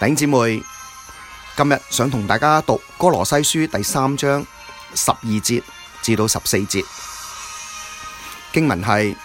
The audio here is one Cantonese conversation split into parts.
弟兄姐妹，今日想同大家讀《哥羅西書》第三章十二節至到十四節經文係，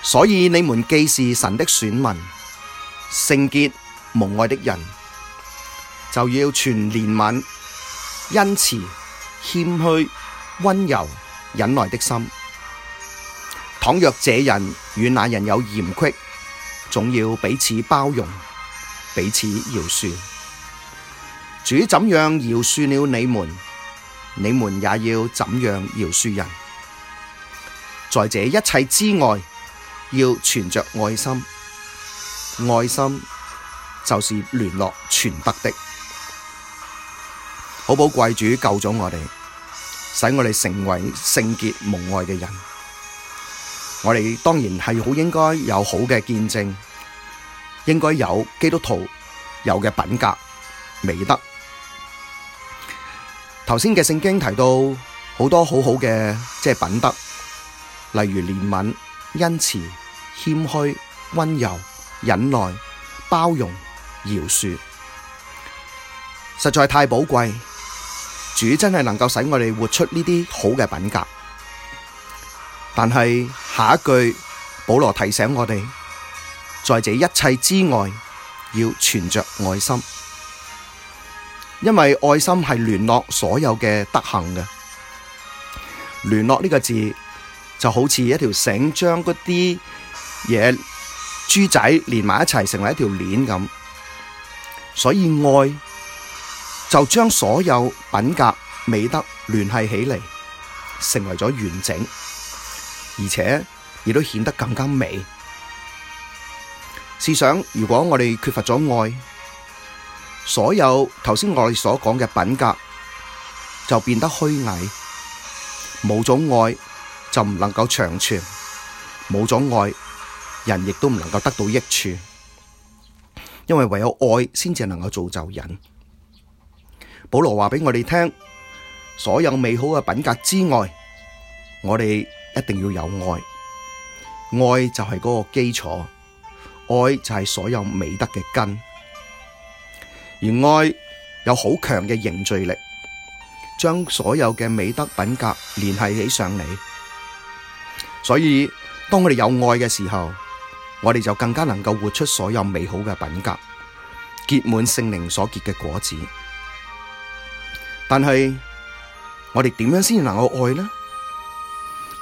所以你們既是神的選民，聖潔蒙愛的人，就要存憐憫、恩慈、謙虛、溫柔、忍耐的心。倘若這人與那人有嫌隙，總要彼此包容。彼此饒恕，主怎樣饒恕了你們，你們也要怎樣饒恕人。在這一切之外，要存着愛心，愛心就是聯絡全德的。好寶貴，主救咗我哋，使我哋成為聖潔蒙愛嘅人。我哋當然係好應該有好嘅見證。應該有基督徒有嘅品格美德。頭先嘅聖經提到好多好好嘅，即係品德，例如憐憫、恩慈、謙虛、溫柔、忍耐、包容、饒恕，實在太寶貴。主真係能夠使我哋活出呢啲好嘅品格。但係下一句，保羅提醒我哋。在這一切之外，要存着愛心，因為愛心係聯絡所有嘅德行嘅。聯絡呢個字就好似一條繩，將嗰啲嘢豬仔連埋一齊，成為一條鏈咁。所以愛就將所有品格美德聯繫起嚟，成為咗完整，而且亦都顯得更加美。試想，如果我哋缺乏咗愛，所有頭先我哋所講嘅品格就變得虛偽，冇咗愛就唔能夠長存，冇咗愛人亦都唔能夠得到益處，因為唯有愛先至能夠造就人。保羅話俾我哋聽，所有美好嘅品格之外，我哋一定要有愛，愛就係嗰個基礎。愛就係所有美德嘅根，而愛有好強嘅凝聚力，將所有嘅美德品格聯繫起上嚟。所以，當我哋有愛嘅時候，我哋就更加能夠活出所有美好嘅品格，結滿聖靈所結嘅果子。但係，我哋點樣先能夠愛呢？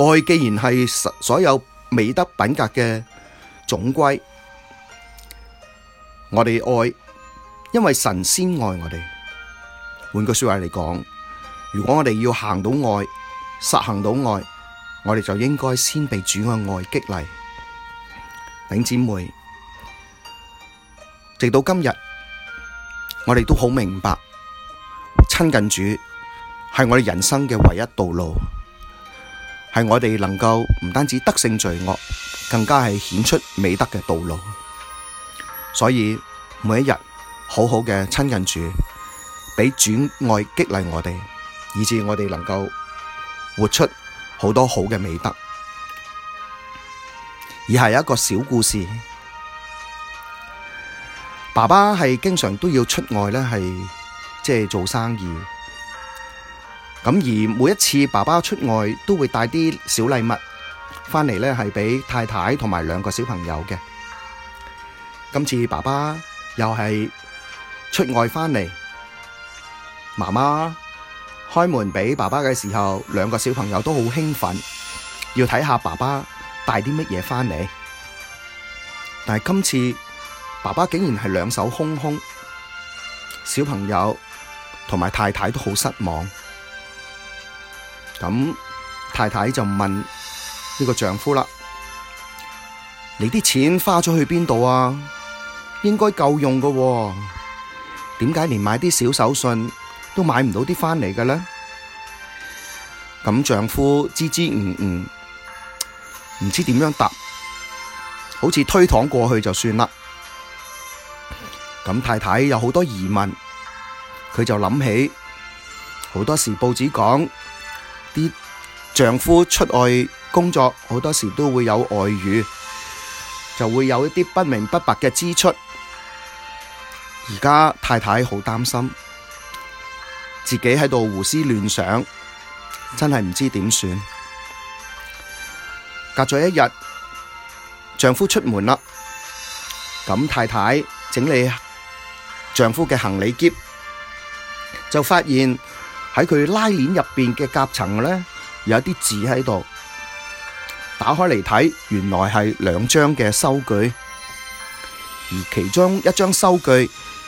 愛既然係所有美德品格嘅總歸，我哋愛，因為神先愛我哋。換句說話嚟講，如果我哋要行到愛，實行到愛，我哋就應該先被主嘅愛激勵。弟兄姊妹，直到今日，我哋都好明白親近主係我哋人生嘅唯一道路，係我哋能夠唔單止得勝罪惡，更加係顯出美德嘅道路。所以每一日好好嘅親近主，俾主愛激勵我哋，以至我哋能夠活出好多好嘅美德。以下一個小故事，爸爸係經常都要出外呢，係即係做生意。咁而每一次爸爸出外都會帶啲小禮物翻嚟，呢,係俾太太同埋兩個小朋友嘅。今次爸爸又係出外返嚟，媽媽開門俾爸爸嘅時候，兩個小朋友都好興奮，要睇下爸爸帶啲乜嘢返嚟。但係今次爸爸竟然係兩手空空，小朋友同埋太太都好失望。咁太太就問呢個丈夫啦：你啲錢花咗去邊度啊？應該夠用嘅喎，點解連買啲小手信都買唔到啲翻嚟嘅咧？咁丈夫支支吾吾，唔知點樣答，好似推搪過去就算啦。咁太太有好多疑問，佢就諗起好多時報紙講啲丈夫出外工作，好多時都會有外遇，就會有一啲不明不白嘅支出。而家太太好擔心，自己喺度胡思亂想，真係唔知點算。隔咗一日，丈夫出門啦，咁太太整理丈夫嘅行李篋，就發現喺佢拉鏈入邊嘅夾層呢，有啲字喺度。打開嚟睇，原來係兩張嘅收據，而其中一張收據。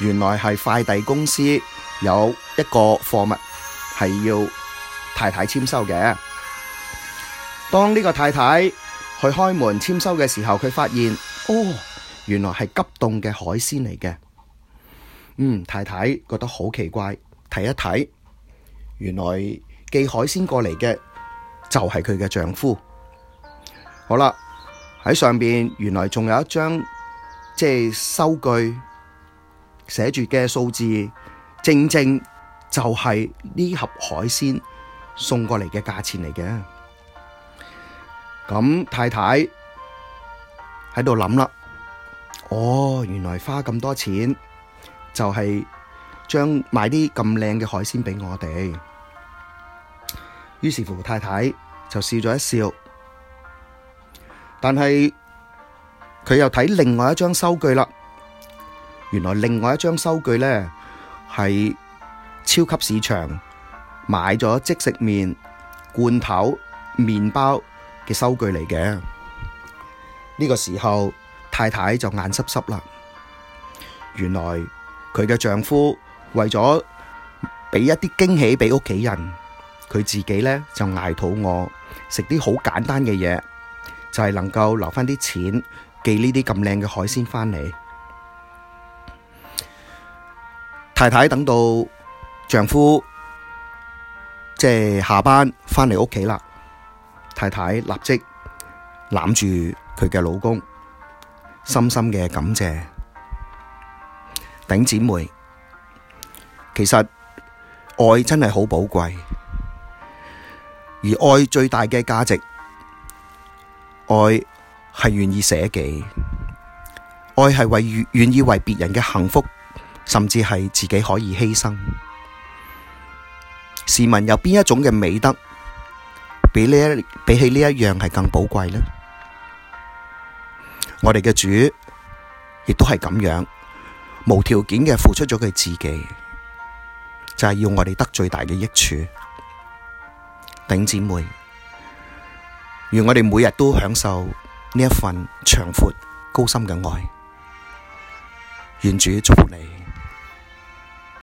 原來係快遞公司有一個貨物係要太太簽收嘅。當呢個太太去開門簽收嘅時候，佢發現哦，原來係急凍嘅海鮮嚟嘅。嗯，太太覺得好奇怪，睇一睇，原來寄海鮮過嚟嘅就係佢嘅丈夫。好啦，喺上面原來仲有一張，即係收據。寫住嘅數字，正正就係呢盒海鮮送過嚟嘅價錢嚟嘅。咁太太喺度諗啦，哦，原來花咁多錢就係將買啲咁靚嘅海鮮俾我哋。於是乎，太太就笑咗一笑，但係佢又睇另外一張收據啦。原來另外一張收據呢，係超級市場買咗即食麵、罐頭、麵包嘅收據嚟嘅。呢個時候太太就眼濕濕啦。原來佢嘅丈夫為咗俾一啲驚喜俾屋企人，佢自己呢就挨肚餓，食啲好簡單嘅嘢，就係能夠留翻啲錢寄呢啲咁靚嘅海鮮返嚟。太太等到丈夫即係、就是、下班返嚟屋企啦，太太立即攬住佢嘅老公，深深嘅感謝頂姊妹。其實愛真係好寶貴，而愛最大嘅價值，愛係願意捨己，愛係為願意為別人嘅幸福。甚至係自己可以犧牲。試問有邊一種嘅美德，比呢一比起呢一樣係更寶貴呢？我哋嘅主亦都係咁樣，無條件嘅付出咗佢自己，就係、是，要我哋得最大嘅益處。頂姊妹，願我哋每日都享受呢一份長闊高深嘅愛。願主祝福你。